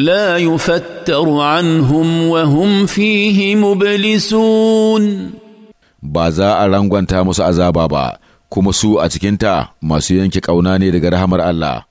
لا يفتر عنهم وهم فيه مبلسون ba za a rangwanta musu azaba ba kuma su a cikinta masu yanke ƙauna ne daga rahamar Allah